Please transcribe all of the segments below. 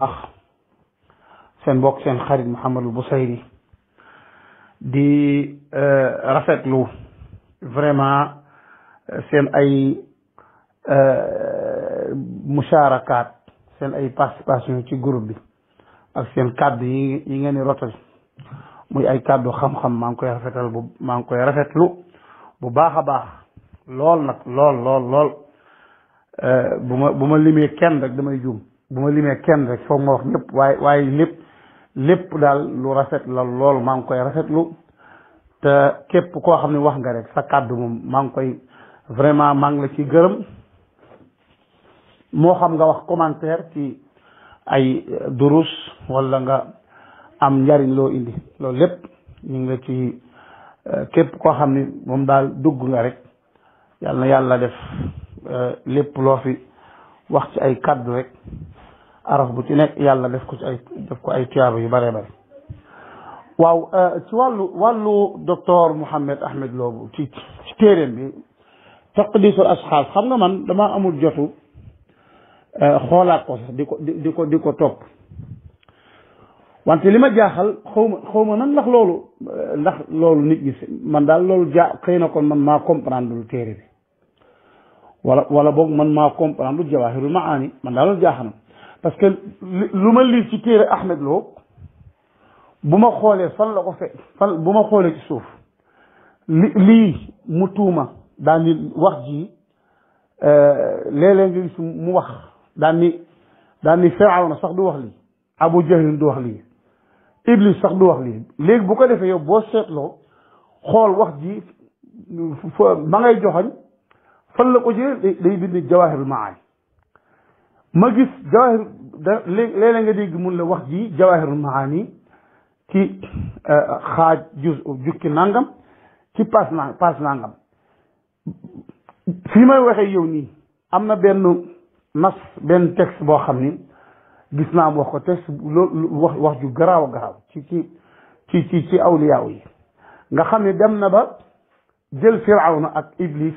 ah seen bokk seen xarit mu Mouhamadul Bousayri di euh, rafetlu vraiment euh, seen ay euh, musharakaat seen ay participation ci groupe bi ak seen kàddu yi yi ngeen di rotal muy ay kàddu xam-xam maa ngi koy rafetal bu maa ngi koy rafetlu bu baax a baax lool nag lool lool bu ma bu ma limee kenn rek damay juum bu ma limee kenn rek foog ma wax ñëpp waaye lépp lépp daal lu rafet la lool maa ngi koy rafetlu te képp koo xam ne wax nga rek sa kàddu moom maa ngi koy vraiment maa ngi la ci gërëm moo xam nga wax commentaire ci ay euh, durus walla nga am njariñ loo indi loolu lépp ñu ngi la ci euh, képp koo xam ni moom daal dugg nga rek yàlla na yàlla def euh, lépp loo fi wax ci ay kàddu rek araf bu ci nekk yàlla def ko ci ay def ko ay tuyaaba yu bëree bëri waaw euh, ci wàllu wàllu docteur Mouhamed Ahmed loobu ci ci téeréem bi taqdisul asxaab xam nga man damaa amul jotu euh, xoolaat ko sax di ko di ko di ko topp wante li ma jaaxal xaw ma xaw ma nan ndax loolu euh, ndax loolu nit ñi man daal loolu jaa xëy na kon man maa comprendre lu téere bi wala wala boog man maa comprendre lu ma maani man daal loolu jaaxal na parce que lu ma lii ci téere Ahmed Lo bu ma xoolee fan la ko fe fan bu ma xoolee ci suuf li lii mu tuuma daan ni wax ji euh, léeg-léeg nga mu wax daan ni daan ni Firawna sax du wax lii Abu Jahlin du wax lii Iblis sax du wax lii léegi bu ko defee yow boo seetloo xool wax ji ma ngay joxoñ fan la ko jëlee day bind Jawaahirul Maani ma gis jawahir da nga dégg mun la wax ji jawahirul maani ci euh, xaaj juz jukki nangam ci paas na paas nangam fii may waxee yow nii am na benn nas benn texte boo xam ni gis naa am wax ko texte loolu wax wax ju garaaw a garaaw ci ci ci ci ci awliyaaw yi nga xam ne dem na ba jël firawna ak iblis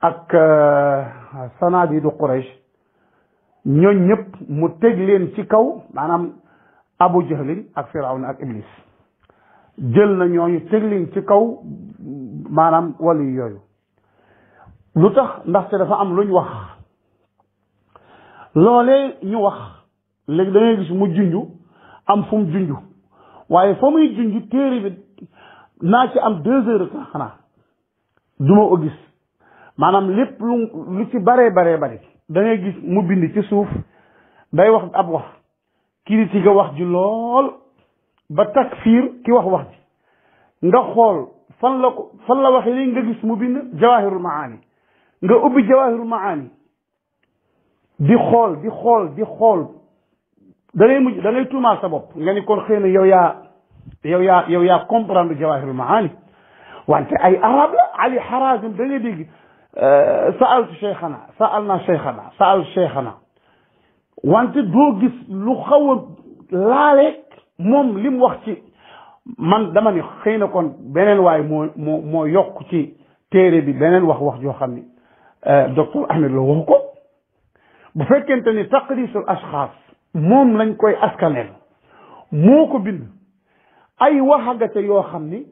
ak euh, sanaa bi du Quraysh ñooñ ñëpp mu teg leen ci kaw maanaam abu jahlin ak firawna ak iblis jël na ñooñu teg leen ci kaw maanaam wàllu yooyu lu tax ndaxte dafa am luñ wax loole ñu wax léegi da ngay gis mu junju am fum mu junju waaye fa muy junju téere bi naa ci am deux heures de xanaa du ma maanaam lépp lu ci baree baree bari dangay gis mu bind ci suuf day wax ab wax ki critique wax ji lool ba takfiir ki wax wax ji nga xool fan la ko fan la waxee li nga gis mu bind jawahirul maani nga ubbi ma maani di xool di xool di xool da mu mujj da ngay tuumaal sa nga ni kon xëy na yow yaa yow ya yow yaa comprendre jawahirul maani wante ay arab la Ali Harazim da dégg Euh, sa'altu cheikhana sa'alna cheikhana sa'altu cheikhana wante doo gis lu xaw a moom li wax ci man dama ni xëy na kon beneen waay moo moo yokk ci téere bi beneen wax wax joo xam ni euh, docteur Ahmed Lo waxu ko bu fekkente ni taqrisul ashxaas moom lañ koy askaneel moo ko bind ay waxaga ca yoo xam ni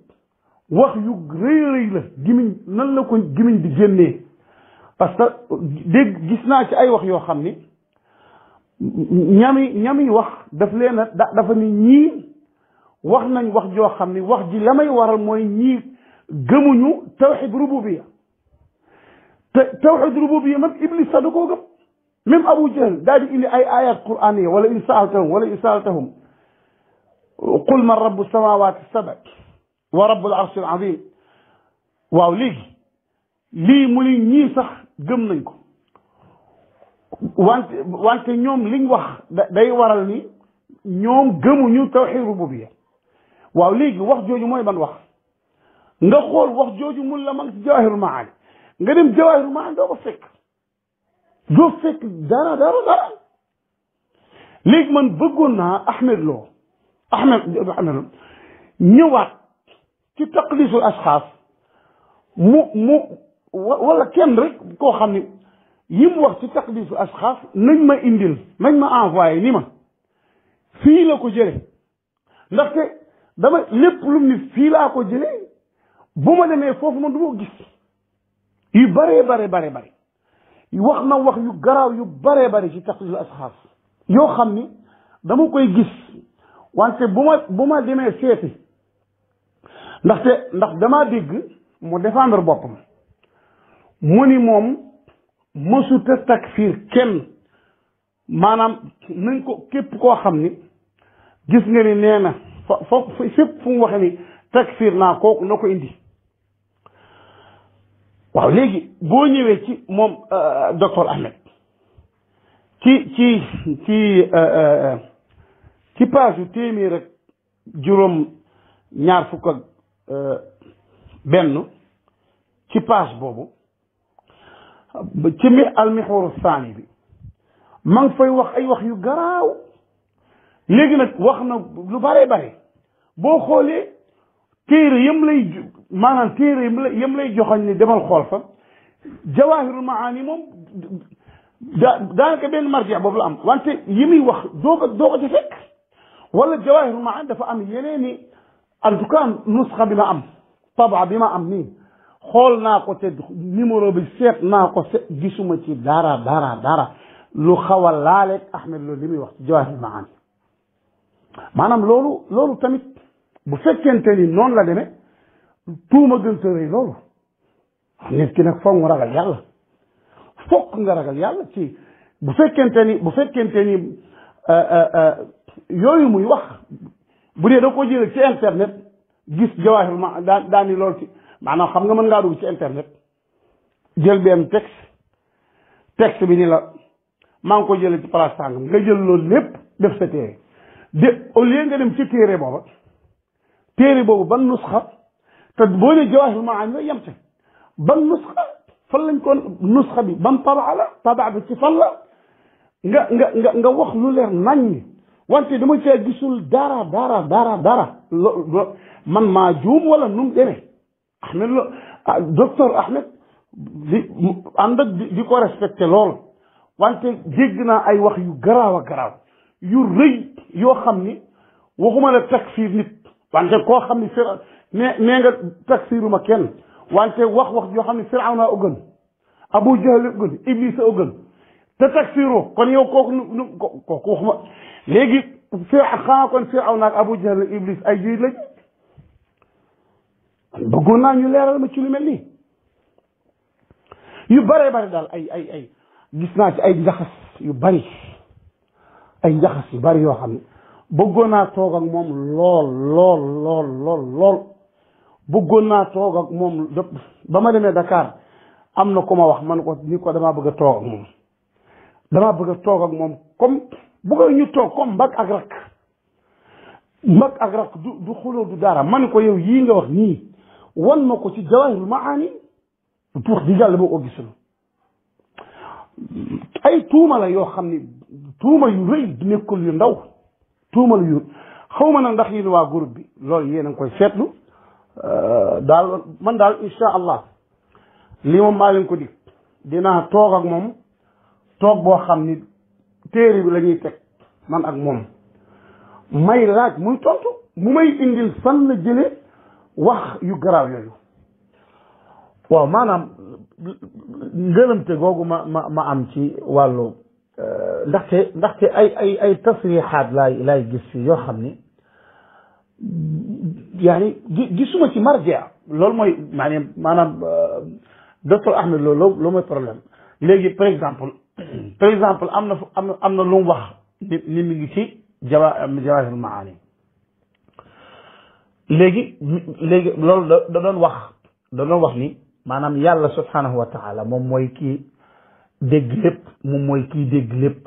wax yu rëy rëy la gimiñ nan la ko gimiñ bi génnee parce que dégg gis naa ci ay wax yoo xam ni ñami ñami wax daf leen a dafa ni ñii wax nañ wax joo xam ni wax ji la may waral mooy ñii gëmuñu tawxid rububiya te tawxid rububiya même iblis sax da koo gëm même abu jahl daal di ay ayat quraniya wala in saaltahum wala in saaltahum qul man rabbu samawati sabak wa rabbul arsil azim waaw léegi lii mu li ñii sax gëm nañ ko wante ñoom liñ wax day waral ni ñoom gëmuñu tawxid rububiyya waaw léegi wax jooju mooy ban wax nga xool wax jooju mu la man ci jawahirul maani nga dem jawahirul maani doo ko fekk doo fekk dara dara dara léegi man bëggoon naa Ahmed Lo Ahmed Ahmed ñëwaat ci taqlisul asxaas mu mu wala kenn rek koo xam ne yi mu wax ci taqlisul asxaas nañ ma indil nañ ma envoyé ni ma fii la ko jële ndaxte dama lépp lu mu ni fii laa ko jële bu ma demee foofu ma du ma gis yu bare bare bare bare wax na wax yu garaaw yu baree bare ci taqlisul asxaas yoo xam ni dama koy gis wante bu ma bu ma demee seeti ndaxte ndax damaa dégg mu défendre boppam mu ni moom mësuta takfiir kenn maanaam nañ ko képp koo xam ni gis nga ni nee na fa fa fépp fu mu waxee ni takfiir naa kooku na ko indi waaw léegi boo ñëwee ci moom euh, docteur Ahmed ci ci ci euh, euh, ci page yu téeméer juróom ñaar fukk Euh, benn ci page boobu ci mi almixwaru saani bi ma ngi fay wax ay wax yu garaaw léegi nag wax na lu bare bare boo xoolee téere yam lay maanaam téere lay joxoñ ni demal xool fa jawaahirul maani moom daa benn marja boobu la am wante yi muy wax doo ko doo ko ca fekk wala jawaahirul maani dafa am yeneeni en tout cas nusxa bi ma am tabaa bi ma am nii xool naa ko te numéro bi seet naa ko gisuma ci dara dara dara lu xaw a laaleeg Ahmed loolu li muy wax ci Jawaahirul Maani maanaam loolu loolu tamit bu fekkente ni noonu la demee tuuma gën sa rëy loolu nit ki nag foog nga ragal yàlla foog nga ragal yàlla ci bu fekkente ni bu fekkente ni euh, euh, euh, yooyu muy wax bu dee da koo jëlee ci internet gis jawaahir ma daa daa ni loolu ci maanaam xam nga mën ngaa dugg ci internet jël benn texte texte bi ni la maa ngi ko jëlee ci place sàngam nga jël loolu lépp def sa téere de au lieu nga dem ci téere booba téere boobu ban nusxa te boo ne jawaahir maani la yem ci ban nusxa fan lañ ko nusxa bi ban tabaa la tabaa bi ci fan la nga nga nga wax lu leer nañ wante dama cee gisul dara dara dara dara man maa juum wala nu mu demee Ahmed lo ah, docteur Ahmed di ànd ak di ko respecté lool wante dégg naa ay wax yu garaaw a garaaw yu rëy yoo xam ni waxuma la takfiir nit wante koo xam ni fira ne nee nga ma kenn wante wax wax yoo xam ni Firawna a gën Abu Jahl a Iblis a gën te takfiru kon yow kooku nu nu kooku waxuma léegi fii xanaa kon fii aw naag Abu Jahl Iblis ay juy lañ bëggoon naa ñu leeral ma ci lu mel nii yu bare bëri daal ay ay ay gis naa ci ay njaxas yu bëri ay njaxas yu bëri yoo xam ne bëggoon naa toog moom lool lool lool lool bëggoon naa toog ak moom ba ma demee dakaar am na ku ma wax man ko ni ko damaa bëgg a toog moom. damaa bëgg a toog ak moom comme bëgg ñu toog comme mbag ak rak mbag ak rak du du xuloo du dara man ko yow yii nga wax nii wan ma ko ci jawahirul maani tuux di jàll boo ko gisul ay tuuma la yoo xam ni tuuma yu rëy nekkul yu ndaw tuuma la yu xaw ma na ndax yéen waa groupe bi loolu yéen a ngi koy seetlu euh, daal man daal incha allah lii moom maa ko dig dinaa toog ak moom toog boo xam ni téere bi lañuy ñuy teg man ak moom may laaj muy tontu mu may indil fan la jële wax yu garaaw yooyu waaw maanaam ngërëmte googu ma ma am ci wàllu euh, ndaxte ndaxte ay ay ay tasrixaat laay gis yoo xam ni yaani gisuma ci marjia loolu mooy maanaam maanaam euh, docteur Ahmed loolu loo mooy problème léegi par exemple par exemple am na fu am am na lu mu wax ni ni mu ngi ci jawaa jawaahirul maani léegi léegi loolu da doon wax da doon wax ni maanaam yàlla subhanahu wa taala moom mooy kii dégg lépp moom mooy kii dégg lépp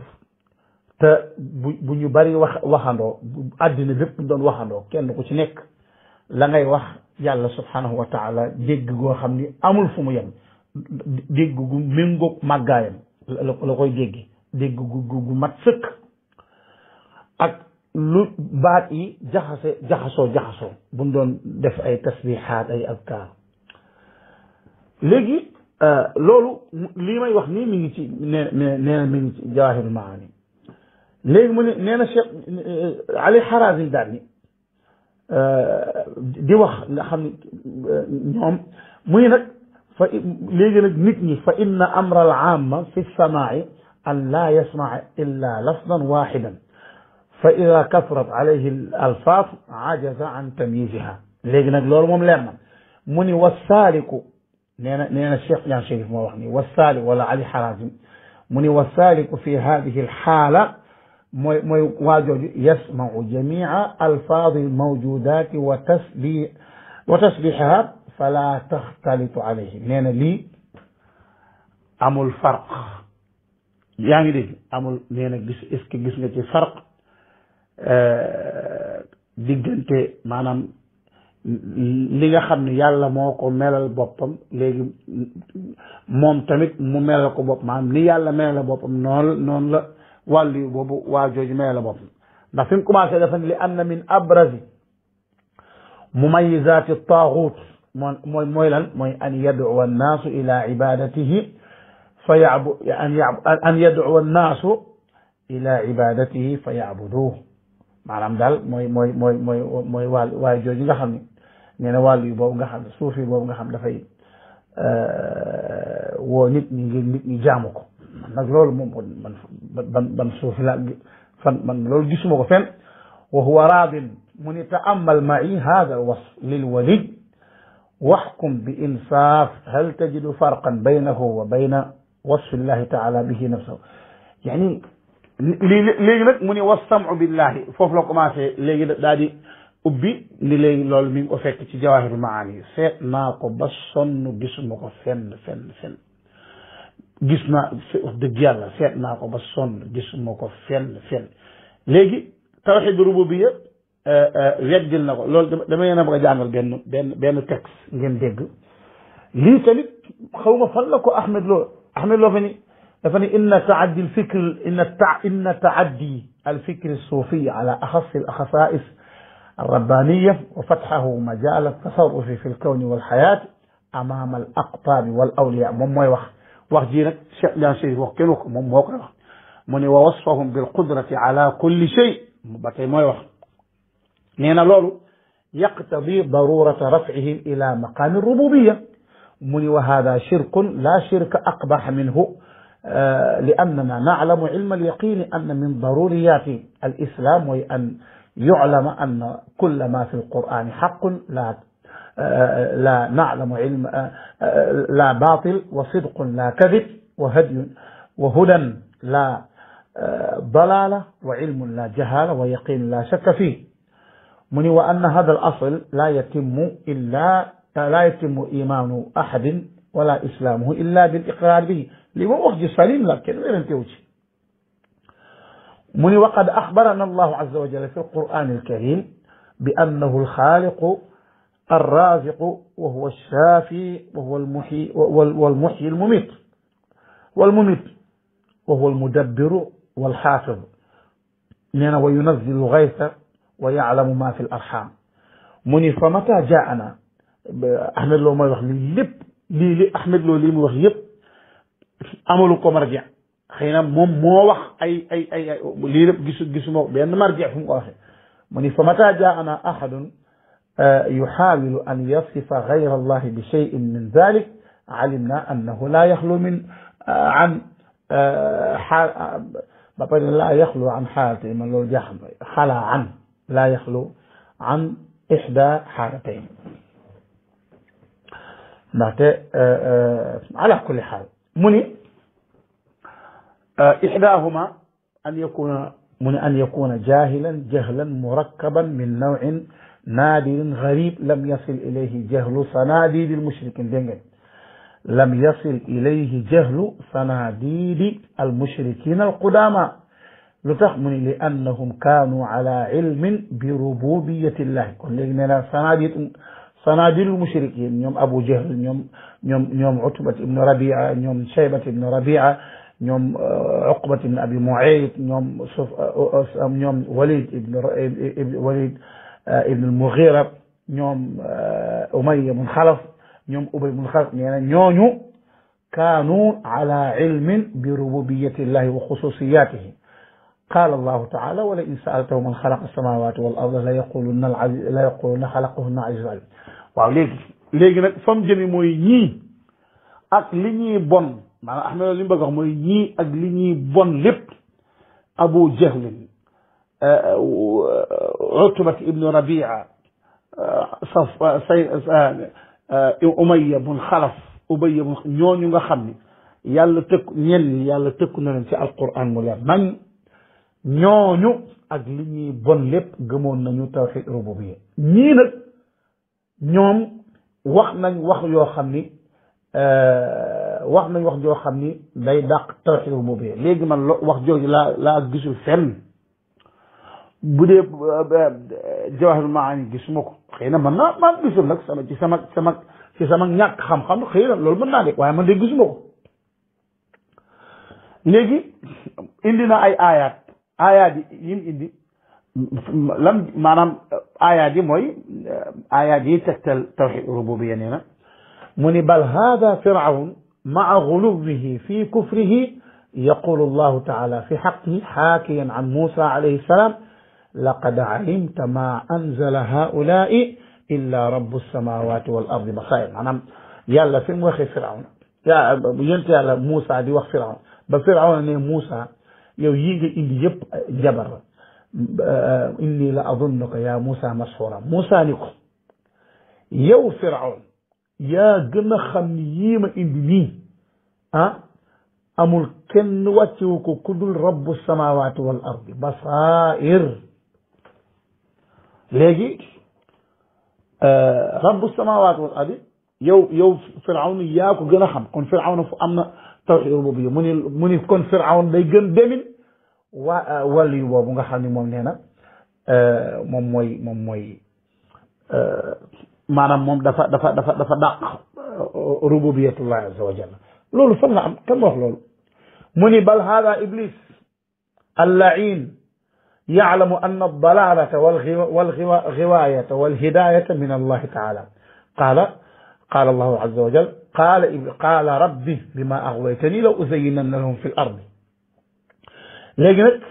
te bu bu ñu bari wax waxandoo àddina lépp doon waxandoo kenn ku ci nekk la ngay wax yàlla subhanahu wa taala dégg goo xam ni amul fu mu yem dégg gu méngoog màggaayam la koy dégg dégg gu gu mat sëkk ak lu baat yi jaxase jaxasoo jaxasoo buñ doon def ay tasbixaat ay adkaar léegi euh, loolu li may wax nii mi ngi ci nee nee na ngi ci jawaahirul maani léegi mu ne nee na Cheikh euh, Ali Harazim euh, di wax nga xam ne ñoom muy nag fa léegi nag nit ñi fa inna amra al aama fi samaai an laa yasmaa illa lafdan waxidan fa ida kasrat alayhi al alfaaf ajaza an tamyisiha léegi nag loolu moom leer na mu ni wasaaliku nee na nee na Cheikh Ñaan Chérif moo wax ni wasaaliku wala Ali Harazim mu ni wasaaliku fi hadihi al xaala mooy mooy waajooju yasmau jamia alfaadi mawjudaati wa tasbi wa tasbixiha fala taxtalitu alayhim nee na lii amul farq yaa ngi dégg amul nee na gis est-ce que gis nga ci farq euh, diggante maanaam li nga xam ne yàlla moo ko melal boppam léegi moom tamit mu melal ko bopp maanaam ni yàlla melal boppam noonu noonu la wàllu boobu waa jooju melal boppam ndax fi mu commencé dafa li am min abrazi mumayizaati taaxuut mooy mooy lan mooy an yad'uwa annaasu ila ibadatihi fa yabu an yabu an yad'uwa annaasu ila ibadatihi fa yabuduhu maanaam daal mooy mooy mooy mooy mooy wàll waaye jooju nga xam ne nee na wàll yu boobu nga xam ne suuf yi boobu nga xam dafay euh, woo nit ñi ngir nit ñi jaamu ko man nag loolu moom man ban ban suufi la fan man loolu gisuma ko fenn wa huwa raadin mu ni taamal ma'i hada alwasf lilwalid واحكم بإنصاف هل تجد فرقا بينه وبين وصف الله تعالى به نفسه يعني léegi nag mu ni wasam'u billahi foofu la commencé léegi daal di ubbi ni léegi loolu mi ngi ko fekk ci jawahirul maani seet naa ko ba sonn gisuma ko fenn fenn fenn gis naa wax dëgg yàlla seet naa ko ba sonn gisuma ko fenn fenn léegi tawxid rububiyya Euh, euh, weddil na ko loolu dama leen a bëgg a jàngal benn benn benn texte ngeen dégg lii tamit xaw ma fan la ko Ahmed Lo Ahmed Lo fa ni dafa ni inna taaddi alfikr inna ta inna taaddi alfikr suufi ala axasi alaxasais alrabbaniya wa fatxahu majal altasarrufi fi alkawni walxayaat amaama alaqtaabi walawliya moom mooy wax wax jii nag Cheikh Ndian Cheikh wax kenn ko moom moo koy wax mu ne wa wasfahum bilqudrati ala kulli shay ba tey mooy wax nee na loolu yaqtadi darurata rafihim ila maqaami rububiya mu ni wa hada shirkun la shirka aqbax minhu لأننا نعلم علم اليقين أن من ضروريات الإسلام وهي أن يعلم أن كل ما في القرآن حق لا لا نعلم علم لا باطل وصدق لا كذب وهدي وهدى لا ضلالة وعلم لا جهالة ويقين لا شك فيه mu ni wa anna hada al asl laa yatimu illa laa yatimu imaanu ahadin wala islaamuhu illa bil iqraar bihi lii moom wax ji salim la kenn werante wu ci mu ni waqad axbarana allahu azza wa jalla fi alquran alkarim bi annahu alxaaliqu الرازق وهو الشافي وهو المحيي والمحيي المميت والمميت وهو المدبر والحافظ لأنه وينزل الغيث wa yaalamu ma fi l arxam mu ni fa mata jaana ahmed loo mooy wax lii lépp lii li ahmed loo lii muy wax yépp amalu ko marja xëy na moom moo wax ay ay ay ay lii lépp gisu gisuma benn marja fu mu ko waxee mu ni fa mata jaana ahadun yuxaawilu an yasifa gayra allahi bi cheyin min dalik alimna annahu laa yaxlu min an xaal ba pare laa yaxlu an xaalati man loolu jaaxam xalaa an laa yaxlu an ixda xaalatayn ndaxte ala kulli xaal mu ni ixdaahuma an yakuna mu ni an yakuna jahilan jahlan murakkaban min nawcin naadirin garib lam yasil ilayhi jahlu sanadidi almushrikin dégg ngeen lam yasil ilayhi jahlu sanadidi almushrikin alqudama lu tax mu ne li annahum kaanu ala ilmin bi rububiyati llahi kon léegi nee naa sanadit sanadilu mushrikin ñoom abu jahl ñoom ñoom ñoom utbat ibnu rabia ñoom shaybat ibnu rabia ñoom uh, uqbat ibnu abi muayt ñoom suf uh, uh, ñoom walid ibnu walid ibnu almugira ñoom umayya bun xalaf ñoom ubay bun xalaf nee na ñooñu kaanu ala ilmin bi rububiyati llahi wa xususiyatihi qaala allahu taala wala in saaltahu man xalaqa samaawaati wal arda la yaqulunna al aziz la yaqulunna xalaqahunna al aziz alim waaw léegi léegi nag fam jëmi mooy ñii ak li ñuy bon maanaam Ahmed li mu bëgg wax mooy ñii ak li ñuy bon lépp Abu Jahlin euh, Utbat ibnu Rabia euh, saf euh, say Umayya bun Xalaf Ubayya bun ñooñu nga xam ni yàlla tëkku ñenn yàlla tëkku na leen ci alquran mu leer nañ ñooñu ak li ñuy bon lépp gëmoon nañu tawxid yi ñii nag ñoom wax nañ wax yoo xam ni euh, wax nañ wax joo xam ni day dàq tawxid rububiyya léegi man lo wax jooju laa laa gisul fenn bu dee euh, euh, jawahir maani gisuma ko xëy na mën naa man gisul nag sama ci sama sama ci sama ñàkk xam-xam xëy loolu mën naa de waaye man de gisuma ko léegi indi na ay aayaat aayaat yi yim indi lam maanaam aayaat yi mooy aayaat yi tegtal tawxid rububiya nee na mu ni bal hada firaun maa guluwihi fi kufrihi yaqulu allahu taala fi xaqihi xaakiyan an musa alayhi salaam laqad alimta ma anzala haulaai illa rabu samawati wal ardi basair maanaam yàlla fi mu waxee firaun yént yàlla Moussa di wax firaun ba firaun ne Moussa yow yii nga indi yëpp jabar la euh, inni la azunnaka yaa Moussa mashuura Moussa ni ko yow Firawn yaa gën a xam ni yii ma indi nii ah amul kenn wàccewu ko ku dul rabbu samawaati wal ardi basaa'ir léegi euh, rabbu samawaati wal ardi yow yow Firawn yaa ko gën a xam kon Firawn fu am na tawxiid rububiyya mu ni mu ni kon Firawn day gën demin waa euh, wàll yu boobu nga xam ne moom nee na euh, moom mooy moom mooy euh, maanaam moom dafa dafa dafa dafa dàq rububiyatullahi azza wa jalla loolu fan la am kan wax loolu mu ni bal hada iblis allain yalamu anna dalalata walxiwaayata walhidayata min allahi taala qaala qaala allahu azza wa jalla qaala qaala rabbi bima axwaytani la uzayyinanna lahum fi l ardi léegi nag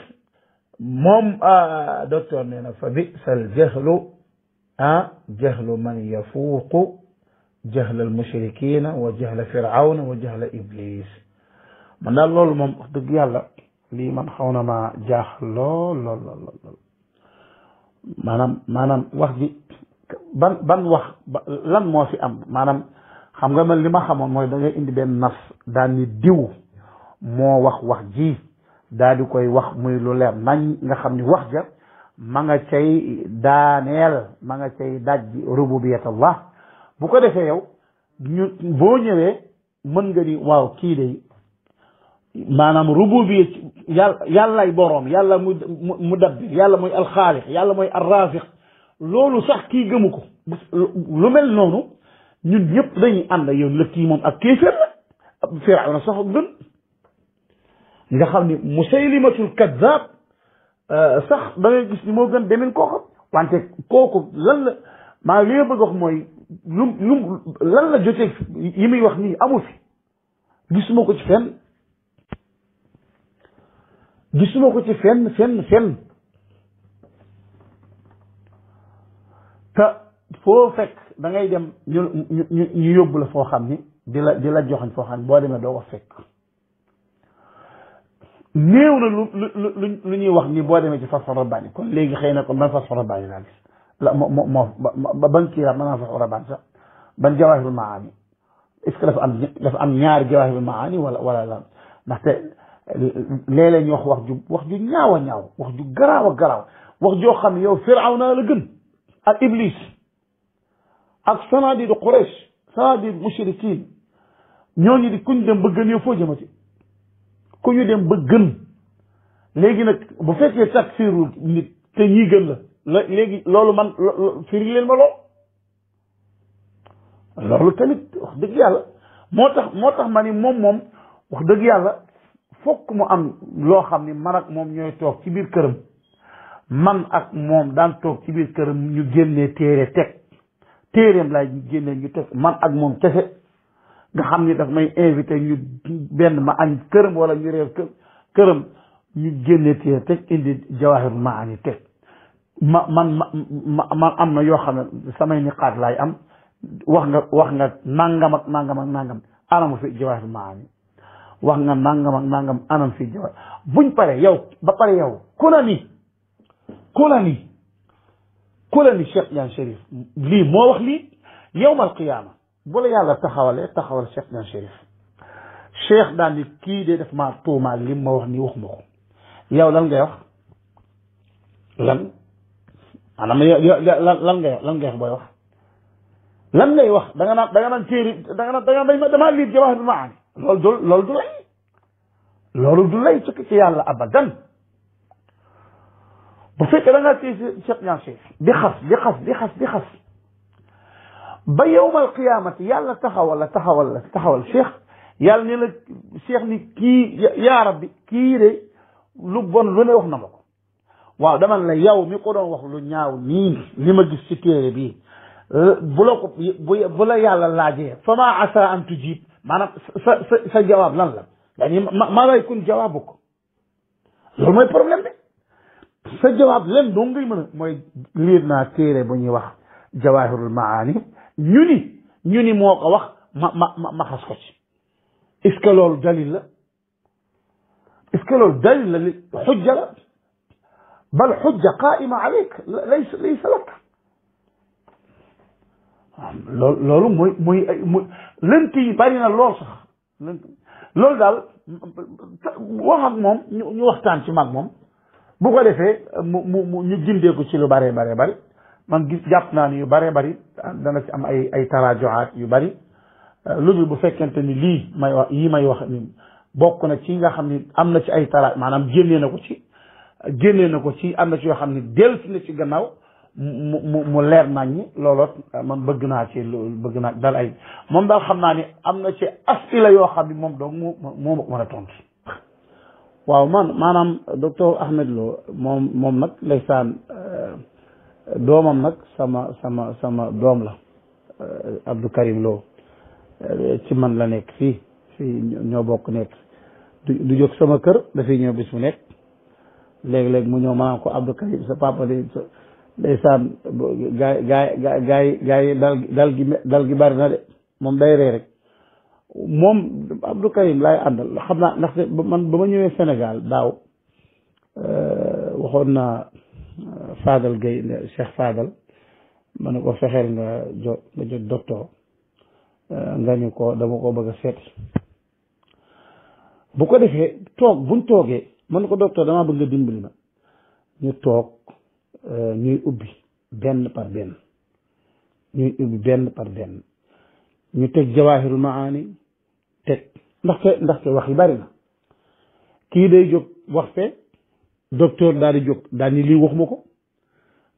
moom ah, ah, docteur nee na fa bisal jahlu ah jahlu man yafuuqu jahla almushrikina wa jahla firawna wa jahla iblis man daal lool moom wax dëgg yàlla lii man xaw na maa jaaxal lool lool lool lool maanaam wax ji ban wax lan moo fi am maanaam xam nga man li ma xamoon mooy da indi benn nas daan ni diw moo wax wax ji daal di koy wax muy lu leer nañ nga xam ni wax ja ma nga cay daaneel ma nga cay daj rububiyat allah bu ko defee yow boo ñëwee mën nga ni waaw kii de maanaam rububiyat yàlla yàllaay boroom yàlla muy mu dabbir yàlla mooy alxaaliq yàlla mooy arrafiq loolu sax kii gëmu ko lu mel noonu ñun ñëpp dañuy ànd yoon la kii moom ak kéeféer la firaw na sax nga xam ni musaylimatul kaddaab euh, sax da ngay gis ni moo gën beneen koo xam wante kooku lan la maa li nga bëgg mooy lu lu lan la jotee yi muy wax nii amu fi gisuma ko ci fenn gisuma ko ci fenn fenn fenn ta foo fekk da ngay dem ñu ñu ñu yóbbu la foo xam ni di la di la joxoñ foo xam ni boo demee doo ko fekk néew na lu lu ñuy wax ni boo demee ci fas rabbani ko léegi xëy na kon ban fas rabbani laa la moo moo ban kiiraat maanaam fas rabbani sax ban jawaahirul maani est ce que dafa am ñaar am ñaari jawaahirul maani wala wala la ndaxte léeg-léeg ñu wax wax ju wax ju ñaaw a wax ju garaaw a wax joo xam yow firawna la gën a iblis ak sanadidu quraish sanadidu mushrikin ñooñu di kuñ dem bëgg yow foo jëmati ku ñu dem ba gën léegi nag bu fekkee taksiirul nit te ñii gën la la léegi loolu man firi leen ma lool loolu tamit wax dëgg yàlla moo tax moo tax ma ni moom moom wax dëgg yàlla fokk mu am loo xam ni man ak moom ñooy toog ci biir këram man ak moom daan toog ci biir këram ñu génnee téere teg téereem laay ñu génnee ñu teg man ak moom kese nga xam ni daf may invité ñu benn ma an këram wala ñu reer këram ñu génne téye teg indi jawahir ma añi teg ma man ma ma am na yoo xam ne samay niqaat laay am wax nga wax nga nangam ak ak nangam anam fi jawahir ma añi wax nga nangam nangam anam fi jawahir buñ pare yow ba pare yow ku la ni ku la ni ku moo wax lii yowmal qiyaama bu la yàlla taxawalee taxawal Cheikh Ndiane Chérif Cheikh daan ni kii de def maa tuumaal li ma wax ni waxuma ko yow lan ngay wax lan maanaam lan ngay lan ngay wax booy wax lan ngay wax da nga naan da nga naan téeri da nga naan da nga naan damaa liir jawax bi ma am loolu du loolu du lay loolu du lay sukk ci yàlla abadan bu fekkee da nga téye Cheikh Ndiane Chérif di xas di xas di xas di xas ba yowmal qiyaamati yàlla taxawal la taxawal la taxawal cheikh yàlla ne la cheikh ni kii yaa rabbi kii lu bon lu ne wax na ma ko waaw dama la yow mi ko doon wax lu ñaaw nii li ma gis ci téere bii bu la ko bu yàlla laajee fa maa asa an tujib maanaam sa sa lan la yani ma lay kun jawaabu ko loolu bu ñuy wax jawaahirul ñu ni ñu ni moo ko wax ma ma xas ko ci est loolu dalil la est-ce que loolu dalil la li xujja la bal xujja qaima aleyk laysa laysa lak loolu loolu mooy mooy mooy lënt yi bari lool sax loolu daal wax ak moom ñu waxtaan ci mag moom bu ko defee mu mu ñu gindee ci lu baree baree bari man gis jàpp naa ni yu bëree bëri dana ci am ay ay taraajuwaat yu bëri euh, lu dul bu fekkente ni lii may wax yii may wax ni bokk na ci nga xam ni am na ci ay taraaj maanaam génnee na ko ci génnee na ko ci am na ci yoo xam ni dellusi ci gannaaw mu mu mu leer nañ ñi looloot man bëgg naa ci loolu bëgg naa dal moom xam naa ni am na ci asila yoo xam ni moom dong moo moo ma a tontu. waaw man nag ndeysaan doomam nag sama sama sama doom la eh, Abdou Karim Lo eh, ci man la nekk fii fii ñoo bokk nekk du jóg sama kër dafay ñëw bis mu nekk léeg-léeg mu ñëw maanaam ko Abdou Karim sa papa de ndeysaan gaay gaay gaay gaay dal dal gi dal gi bari na de moom day ree rek moom Abdou Karim laay àndal xam naa ndaxte man ba ma ñëwee Sénégal daaw eh, waxoon naa Fadal Gueye Cheikh Fadal ma ne ko fexeel nga jot nga jot docteur euh, nga ñu ko dama ko bëgg a seet bu ko defee toog buñ toogee mën na ko docteur damaa bëgg nga dimbali na ñu toog euh, ñuy ubbi benn par benn ñuy ubbi benn par benn ñu teg jawaahirul maani teg ndaxte ndaxte wax yi bari na kii day jóg wax fe docteur daal di jóg daal ni lii waxuma ko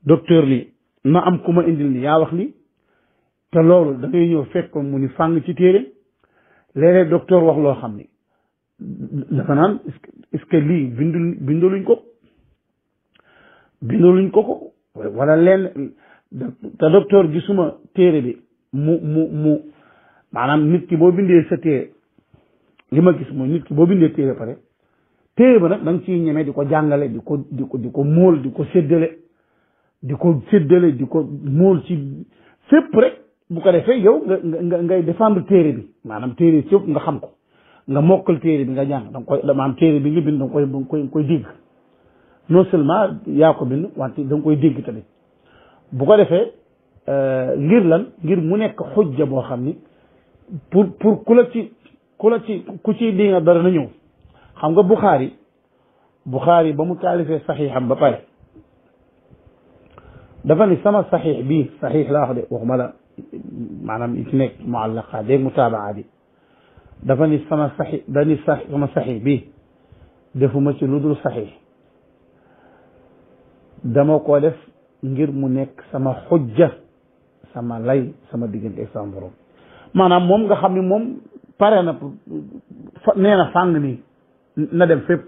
docteur li na am ku ma indil ni yaa wax li te loolu da ñëw fekk mu ni fàng ci téere léeg-léeg docteur wax loo xam ni dafa naan est-ce que lii bindul bindaluñ ko luñ ko ko wala leen te docteur gisuma téere bi mu mu mu maanaam nit ki boo bindee sa téere li ma gis mooy nit ki boo bindee téere pare téye ba nag da nga ciy ñeme di ko jàngale di ko di ko di ko móol di ko séddale di ko séddale di ko móol si fépp rek bu ko defee yow nga ngay défendre téere bi maanaam téere fépp nga xam ko nga mokkal téere bi nga jàng da maanaam téere bi nga bind da nga koy da nga koy dégg non seulement yaa ko bind wante da nga koy dégg tamit bu ko defee euh, ngir lan ngir mu nekk xujja boo xam ni pour pour ku la ci ku la ci ku ciy di nga dara na ñëw xam nga Buxaari Buxaari ba mu taalifee saxiixam ba pare dafa ni sama saxiix bi saxiix laa wax de waxuma la maanaam li ci nekk muallaqaat léegi mutaabaa bi dafa ni sama saxiix dani sax sama saxiix bii defuma ci lu dul saxiix dama ko def ngir mu nekk sama xujja sama lay sama diggante sama borom maanaam moom nga xam ne moom pare na nee na fàng nii na dem fépp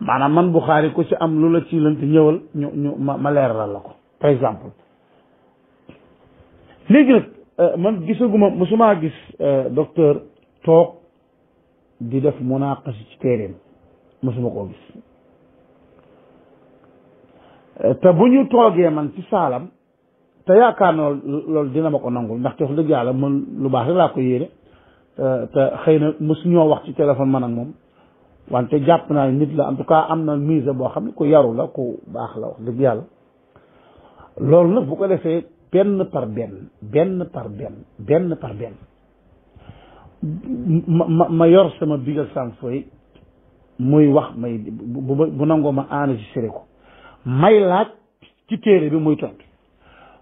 maanaam man Buxaari ku ci am lu la ci lënt ñëwal ñu ñu ma ma leeralal la ko par exemple léegi nag euh, man gisaguma musuma gis euh, docteur toog di def munaqas ci téeréem musuma koo gis euh, te bu ñu toogee man ci saalam te yaakaar na loolu dina ma ko nangul ndax te wax dëgg yàlla man lu baax rek laa ko yéene te xëy na mosu ñoo wax ci téléphone ma nag moom wante jàpp naa nit la en tout cas am na mise boo xam ne ku yaru la ku baax la wax dëgg yàlla loolu nag bu ko defee benn par benn benn par benn benn ma ma yor sama bigal sam fooy muy wax may bu bu nangoo ma enregistré ko may laaj ci téere bi muy tontu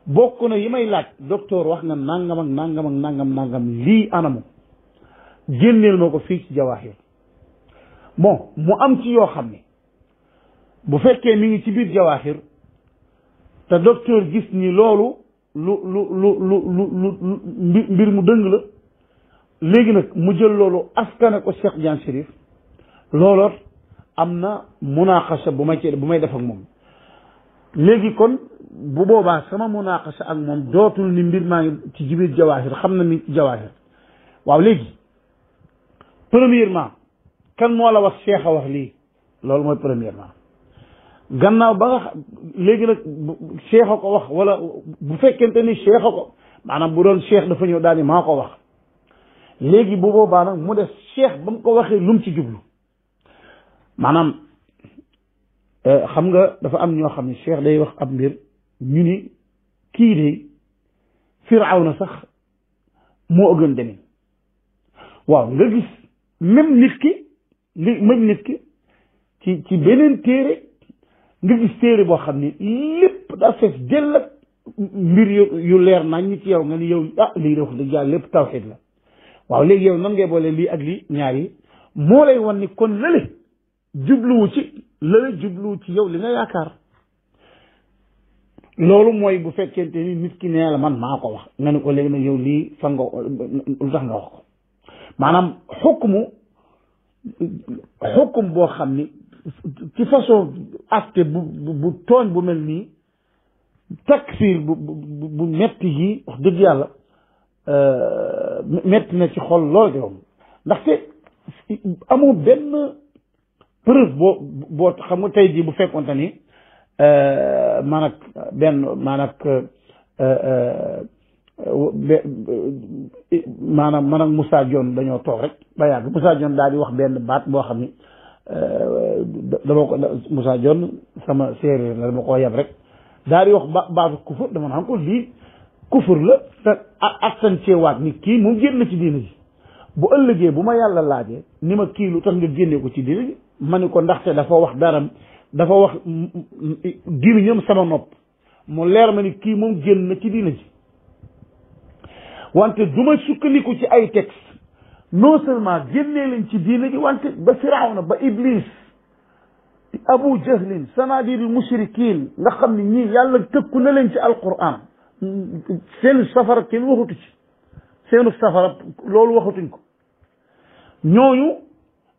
bokk na yi may laaj docteur wax nga nangam ak nangam ak nangam lii anamu génneel ma ko fii ci jawaaxir bon mu am ci yoo xam ne bu fekkee mu ngi ci biir jawaaxir te docteur gis ni loolu lu lu lu lu lu lu mbir mu dëng la léegi nag mu jël loolu askane ko Cheikh Diagne Chérif looloot am na munaqasa bu may ci bu may def ak moom léegi kon bu boobaa sama munaqasa ak moom dootul ni mbir maa ngi ci biir jawaaxir xam na mi jawaaxir waaw léegi premièrement kan moo la wax cheikh a wax lii loolu mooy premièrement gannaaw ba nga léegi nag cheikh a ko wax wala bu fekkente ni cheikh ko maanaam bu doon cheikh dafa ñëw daal ni maa ko wax léegi bu boobaa nag mu def cheikh ba ko waxee lum ci jublu maanaam euh, xam nga dafa am ñoo xam ni cheikh day wax am mbir ñu ni kii de firaw na sax moo ëggan demin waaw nga gis même nit ki li même nit ki ci ci beneen téere nga gis téere boo xam ne lépp daa fees jël ak mbir yu yu leer nañ ñi ci yow nga ni yow ah lii de wax dëgg yàlla lépp tawxiid la waaw léegi yow nan ngay boole lii ak lii ñaar yi moo lay wan ni kon lële jubluwu ci lële jubluwu ci yaw li nga yaakaar loolu mooy bu fekkente ni nit ki nee la man maa ko wax nga ne ko léegi nag yow lii fa nga wax ko maanaam xukmu xukum boo xam ni ci façon acte bu bu tooñ bu mel nii takfir bu bu metti yi wax dëgg yàlla euh, metti na ci xol lool yow ndaxte amoo benn preuve boo xam nga tey jii bu fekkonte ni euh, maanaam benn maanaam maanaam man ak Moussa Dione dañoo toog rek ba yàgg Moussa Dione daal di wax benn baat boo xam ni euh, dama ko musa Dione sama séeréer la dama ko yab rek daal di wax ba baatu kufur dama naan ko lii kufur la te asanceewaat ni kii mu génn ci diina ji bu ëllëgee bu ma yàlla laajee ni ma kii lu tax nga génne ko ci diina ma ni ko ndaxte dafa wax dara dafa wax mm, mm, mm, gimiñam sama nopp mu leer ma ni kii moom génn na ci diina ji wante du ma sukkandiku ci ay texte non seulement génnee leen ci diine ji wante ba na ba iblis abu jahlin sanadiri mushrikin nga xam ne ñii yàlla tëkku na leen ci alquran seenu safara kenn waxatu ci seenu safara loolu waxatuñ ko ñooñu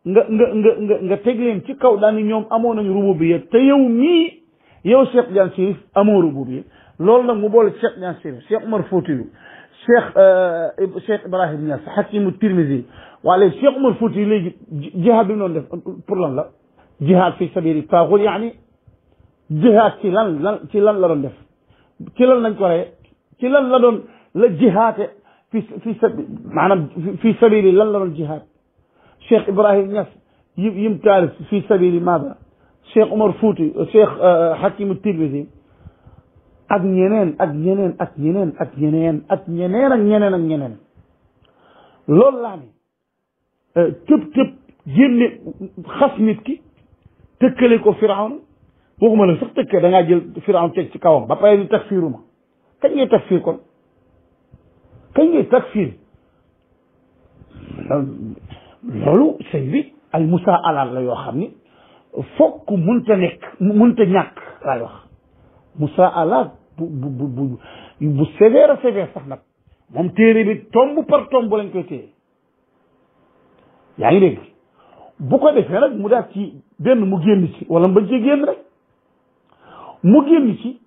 nga nga nga nga nga teg leen ci kaw daani ñoom amoon nañu rububiya te yow mii yow Cheikh Diagne Chérif amoo rububiya loolu nag mu boole Cheikh Diagne Chérif Cheikh Omar Foutiyou cheikh euh, cheikh Ibrahim Niass Hakimu Tirmisi waaye cheikh Umar Fouti yi léegi jihaad bi noonu def pour lan la jihaad fi sabili taaxul yaani jihaad ci lan lan ci lan la doon def ci lan lañ ko reye ci lan la doon la jihaate fi fi maanaam fi sabili lan la doon jihaad cheikh Ibrahim Niass yim yim taarif fi sabili maada cheikh Umar Fouti cheikh euh, Hakimu Tirmisi ak ñeneen ak ñeneen ak ñeneen ak ñeneen ak ñeneen ak ñeneen ak ñeneen loolu laa ne tëb euh, tëb génne xas nit ki tëkkale ko firawna waxuma la sax tëkkale da jël firawna ci kawam ba pare di takfiiru ma kañ ngay takfiir kon kañ ngay takfiir euh, loolu sëñ bi ay musa la yoo xam ni fokk munta nekk munta ñàkk laay wax musa bu bu bu bu sévère sévère sax nag moom téere bi tomb par tomb lañ koy téye yaa ngi dégg bu ko defee nag mu daal ci benn mu génn ci wala mu bañ génn rek mu génn ci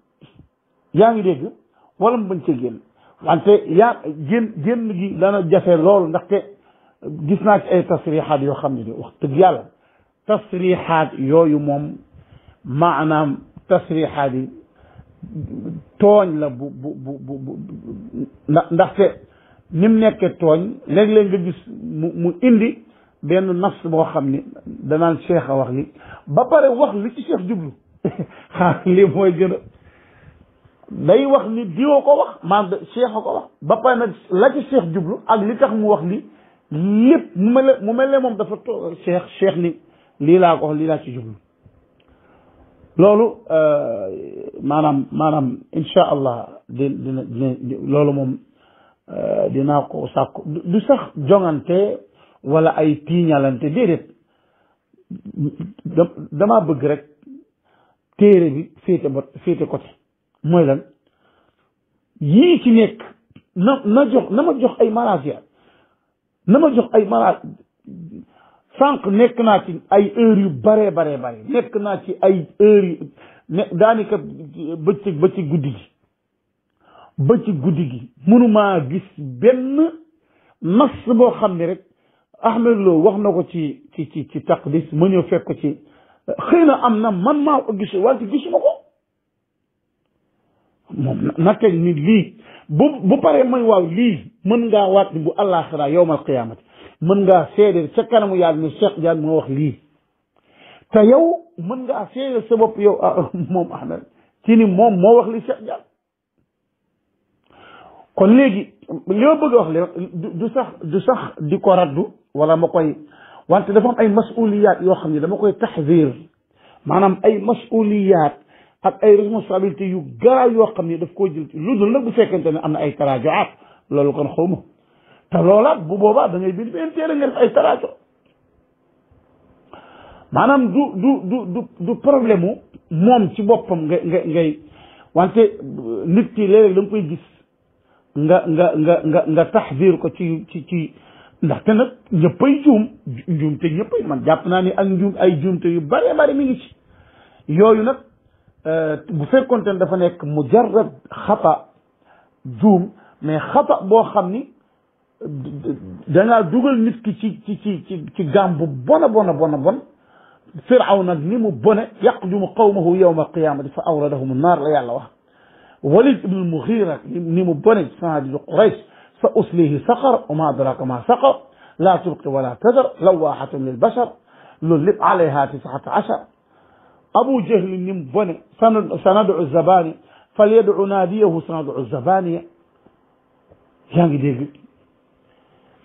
yaa ngi dégg wala mu bañ cee génn wante yaa génn gi dana jafe lool ndaxte gis naa ci ay tasrixaat yoo xam ne de wax dëgg yàlla tasrixaat yooyu moom maanaam tasrixaat yi tooñ la bu bu bu bu ndaxte ni mu nekkee tooñ léeg-léeg nga gis mu mu indi benn nafs boo xam ni danaan cheikh a wax li ba pare wax li ci cheikh jublu xaar lii mooy gën a day wax ni diwoo ko wax maam da a ko wax ba pare nag la ci cheikh jublu ak li tax mu wax li lépp mu mel mu mel ne moom dafa too cheikh cheikh ni lii laa ko lii laa ci jublu loolu euh, maanaam maanaam incha allah di dina loolu moom euh, dinaa ko sàkku du sax jongante wala ay tiiñalante déedéet damaa bëgg rek téere bi féete bot féete côté mooy lan yii ci nekk na na jox na ma jox ay maraas ya na ma jox ay maraas sànq nekk naa ci ay heures yu baree baree bare nekk naa ci ay heures yu ne daanaka bëccëg ba guddi gi ba mënumaa gis benn nas boo xam ni rek Ahmed loo wax na ko ci ci ci ci taqdis ma ñëw fekk ko ci xëy na am na man maa ko gisu wante gisuma ko moom natteg ni lii bu bu paree may waaw lii mën ngaa waat bu bu àllaaxira yowmal qiyaamati mën ngaa seedeel ca kanamu yàlla ne Cheikh Diagne moo wax lii te yow mën nga seedeel sa bopp yow ah, moom Ahmed ci ni moom moo wax li Cheikh Diagne kon léegi li ma bëgg wax léegi du sax di ko raddu wala ma koy wante dafa am ay masuliyaat yoo xam ne dama koy taxdir maanaam ay masuliyaat ak ay responsabilité yu garaaw yoo xam ni daf koo jël ci lu dul nag bu fekkente ne am na ay taraajuwaat loolu kon xaw ma loola bu boobaa da ngay bind benn téere nga def ay maanaam du du du du du problème mu moom ci boppam nga ngay wante nit ki léeg-léeg da nga koy gis nga nga nga nga nga taxdir ko ci ci ci ndaxte nag ñëppay juum juum man jàpp naa ni ak juum ay juumte yu bare bare mi ngi ci yooyu nag euh, bu fekkonte ne dafa nekk mujarrad xata juum mais xata boo xam ni dangaa dugal nit ki ci ci ci ci gàm bu bona bona bona bon firaw nag ni mu bone yaqjumu qawmahu yowma alqiyamati fa awradahum naar la yàlla wax walid ibn almughira ni mu bone sanadiju quraysh sa uslihi saqar wa ma adraka ma saqar la tubqi wala tadar lawaaxatun lilbashar loolu lépp alayha tisata achar abu jahlin ni mu bone sanadu zabani falyadu naadiyahu sanadu zabaniya yaa ngi dégg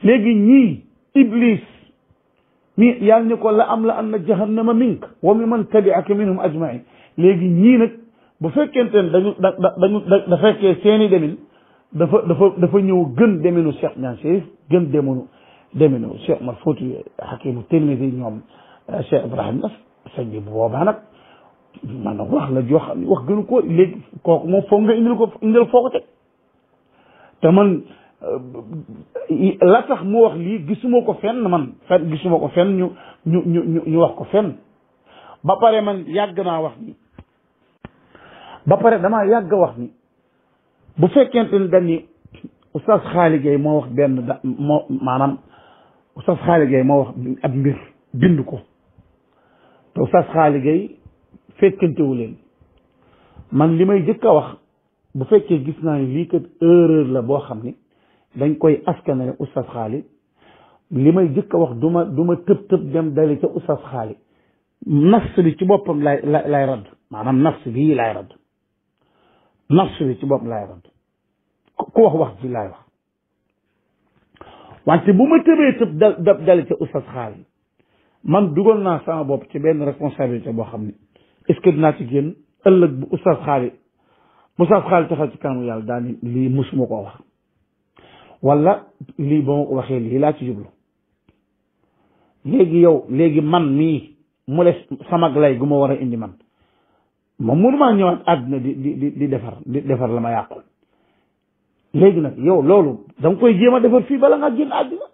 léegi ñii iblis mi yàlla ni ko la am la anna jahannama mink wa mi man ak minum ajmain léegi ñii nag bu fekkente ne dañu da da dañu da fekkee seeni demin dafa dafa dafa ñëw gën deminu seex Ñaan Chérif gën deminu deminu Cheikh Mar Fouti Hakimu Tirmidi ñoom euh, Cheikh Ibrahim Niass sëñ bi bu boobaa nag man wax la joo xam ne wax gënu ko léegi kooku moom foog nga indil ko indil foo te man Euh, la tax mu wax lii gisuma ko fenn man gisuma ko fenn ñu ñu ñu ñu wax ko fenn ba pare man yàgg naa wax ni ba pare damaa yàgg wax ni bu fekkente ni dañuy Oustaz moo wax benn da moo maanaam Oustaz Xaali moo wax ab mbir bind ko te Oustaz Xaali leen man li may jëkk a wax bu fekkee gis naa ni lii kat erreur la boo xam ni dañ koy askanale oustaz xaali li may jëkk a wax du ma du ma tëb tëb dem dale ca oustaz xaali nafs bi ci boppam lay lay radd maanaam nafs bii lay radd nafs bi ci bopp lay radd ku wax wax ji laay wax wante bu ma tëbee tëb da ca oustaz xaali man dugal naa sama bopp ci benn responsabilité boo xam ni est-ce que ci génn ëllëg bu oustaz xaali oustaz xaali taxaw ci kanamu yàlla daal lii musuma koo wax wala lii ba ma ko waxee lii laa ci jublu léegi yow léegi man mii mu les samag lay gu ma war a indi man moom mu mënumaa ñëwaat àdduna di di di defar di defar la ma yàqu léegi nag yow loolu da koy jéem a defar fii bala nga génn àdduna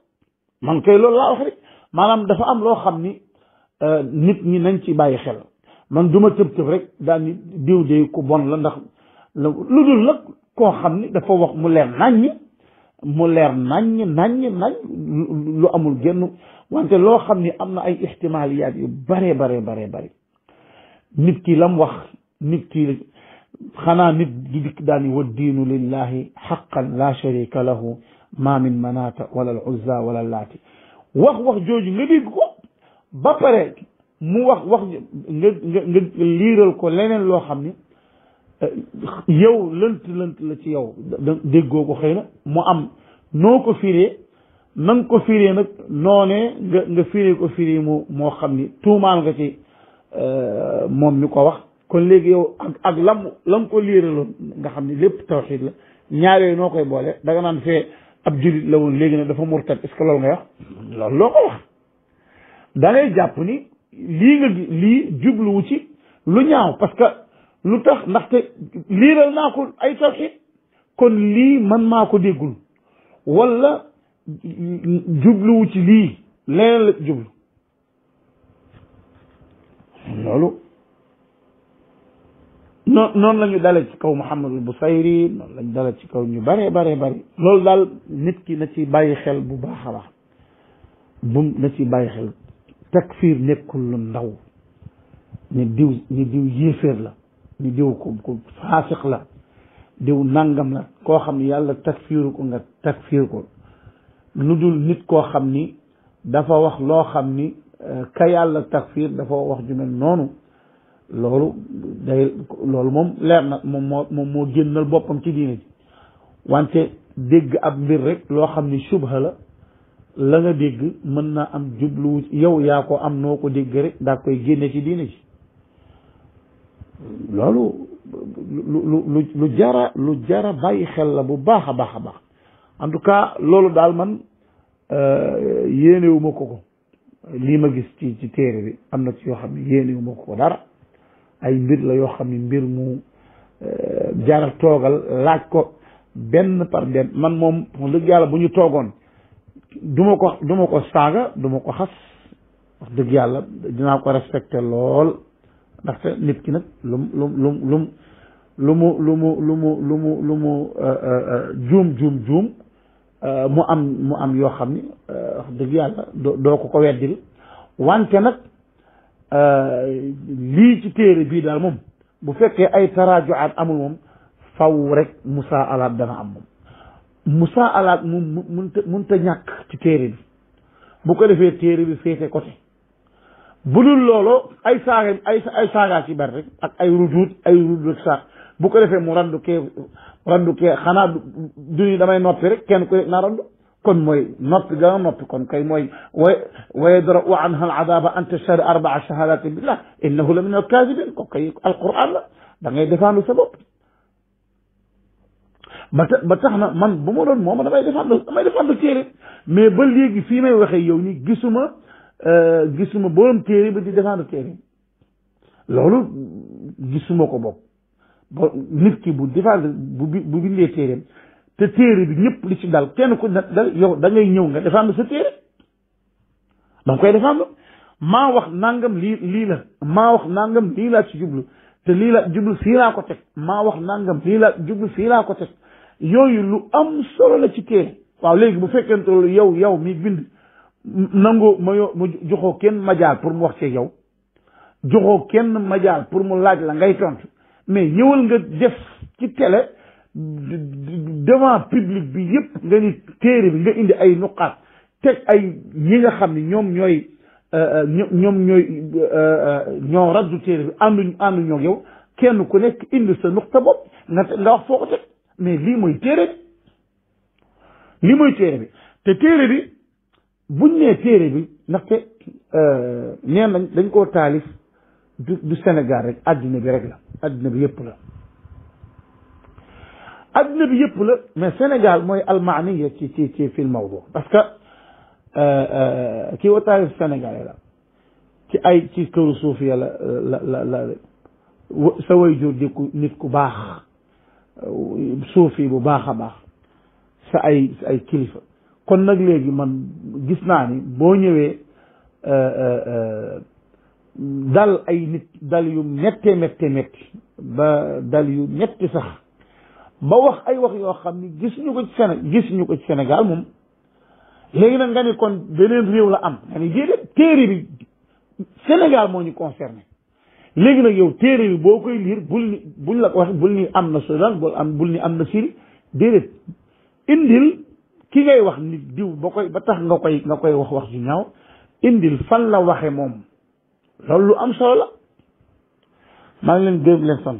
man koy loolu laa wax rek maanaam dafa am loo xam ni euh, nit ñi nañ ci bàyyi xel man duma tëb tëb rek daal ni diw de ku bon la ndax lu dul la koo xam ni dafa wax mu leen nañ ñi mu leer naññ naññ nañ lu amul genn wante loo xam ni am na ay ixtimaaliyaat yu bare bare bare bare nit ki lam wax nit ki xanaa nit di dikk daani wa diinu lillahi xaqan la sharika lahu ma min manata wala al uzza wala laati wax wax jooju nga dégg ko ba pare mu wax wax nga liiral ko leneen loo xam ni yow lënt lënt la ci yow déggoo ko xëy na mu am noo ko firee na ko firee nag noonee nga nga firee ko firee mu moo xam ni tuumaal nga ci euh, moom mi ko wax kon léegi yow ak ak lam lam ko liiraloon nga xam ni lépp tawxiid la ñaar yooyu noo koy boole danga naan fee ab jullit la woon léegi nag dafa murtad est-ce que nga wax loolu loo ko wax da jàpp ni lii nga lii jubluwu ci lu ñaaw parce lu tax ndaxte liiral naa ko ay tawxid kon lii man maa ko déggul walla jubluwu ci lii leneen la jublu loolu noon noonu la ñu dalee ci kaw Mouhamadul Busayri noonu la ñu ci kaw ñu bare bare bare loolu daal nit ki na ci bàyyi xel bu baax a baax bum na ci bàyyi xel takfir nekkul lu ndaw ñu diw ñu diw yéeféer la ñu diw ko ku faasiq la diw nangam la koo xam ni yàlla takfiiru ko nga takfiir ko lu dul nit koo xam ni dafa wax loo xam ni euh, ka yàlla takfiir dafa wax ju noonu loolu day loolu moom leer na moom moo génnal boppam ci diine ji wante dégg ab mbir rek loo xam ni subha la la nga dégg mën naa am jublu yow yaa ko am noo ko dégg rek daa koy génne ci diine ji loolu lu lu lu jara lu jara bàyyi xel la bu baax a baax a baax en tout cas loolu daal man euh, yéenewuma ko ko lii ma gis ci ci téere bi am na ci yoo xam ne yéenewuma ko ko dara ay mbir la yoo xam ne mbir mu euh, jara toogal laaj ko benn par benn man moom wax dëgg yàlla bu ñu toogoon du ko du ko saaga duma ko xas wax dëgg yàlla dinaa ko respecté lool ndaxte nit ki nag lu mu lu mu lu mu lu mu lu mu lu mu lu mu lu mu euh, euh, euh, juum juum juum mu am mu am yoo xam ni wax dëgg yàlla doo ko ko weddil wante nag lii ci téere bii daal moom bu fekkee ay taraajuaat amul moom faw rek musaa alaat dana am moom musaa alaat mun ta mun ñàkk ci téere bi bu ko defee téere bi féete côté bu dul loolu ay saaga ay ay saagaa ci rek ak ay rujuut ay rujuut sax bu ko defee mu randu kee randu kee xanaa duñu damay noppi rek kenn ku rek naa randu kon mooy noppi ga noppi kon kay mooy wa wa yadra'u anha al adaba an tashhada arbaa shahadatin billah innahu la min al kaasibin ko kay alquran la da ngay défendre sa bopp ba ta ba na man bu ma doon moom damay damay défendre téere mais ba léegi fii may waxee yow ni gisuma Euh, gisuma borom téere ba di défendre téere loolu gisuma ko bokk ba ki bu défendre bu bu bindee téereem te téere bi ñëpp li ci dal kenn ku da yow da ñëw nga défendre sa téere danga koy défendre maa wax nangam lii lii la maa wax nangam lii ci jublu te lii la jublu fii laa ko teg maa wax nangam lii la jublu fii laa ko teg yooyu lu am solo la ci téere waaw léegi bu fekkente loolu yow yow mi bind nangoo ma mu ma joxoo kenn majaal pour mu wax ci yow joxoo kenn majaal pour mu laaj la ngay tontu mais ñëwal nga def ci télé devant public bi yépp nga ni téere bi nga indi ay nuqaat teg ay yi nga xam ni ñoom ñooy euh, euh, ñoom ñooy euh, ñoo raddu téere bi àndu àndu ñoo yow kenn ku nekk indi sa nuqta bopp nga wax foo ko teg mais lii mooy téere bi lii mooy téere bi te téere bi buñ nee téere bi ndaxte euh, nee nañ dañ koo taalif du du Sénégal rek àddina bi rek la àddina bi yëpp la àddina bi yëpp la mais Sénégal mooy almaaniya ci ci ci fil mawdu parce que euh, euh, kii wa taalif Sénégal la ci ay ci këru suufiya la la la la sa way jur di ku nit ku baax suufi bu baax a baax sa ay sa ay kilifa kon nag léegi man gis naa ni boo ñëwee euh, euh, euh, dal ay nit dal yu méttee méttee métti ba dal yu métti sax ba wax ay wax yoo xam ni gis ñu ko ci Séné gis moom léegi nag nga ni kon beneen réew la am nga ni déedéet téere bi Sénégal moo ñu concerné léegi nag yow téere bi boo koy liir bul ni buñ la ko wax bul ni am na Soudan bool am bul ni am na Syrie déedéet indil ki ngay wax nit diw ba koy ba tax nga koy nga koy wax wax ju ñaaw indil fan la waxe moom loolu lu am solo la maa ngi leen gërëm leen son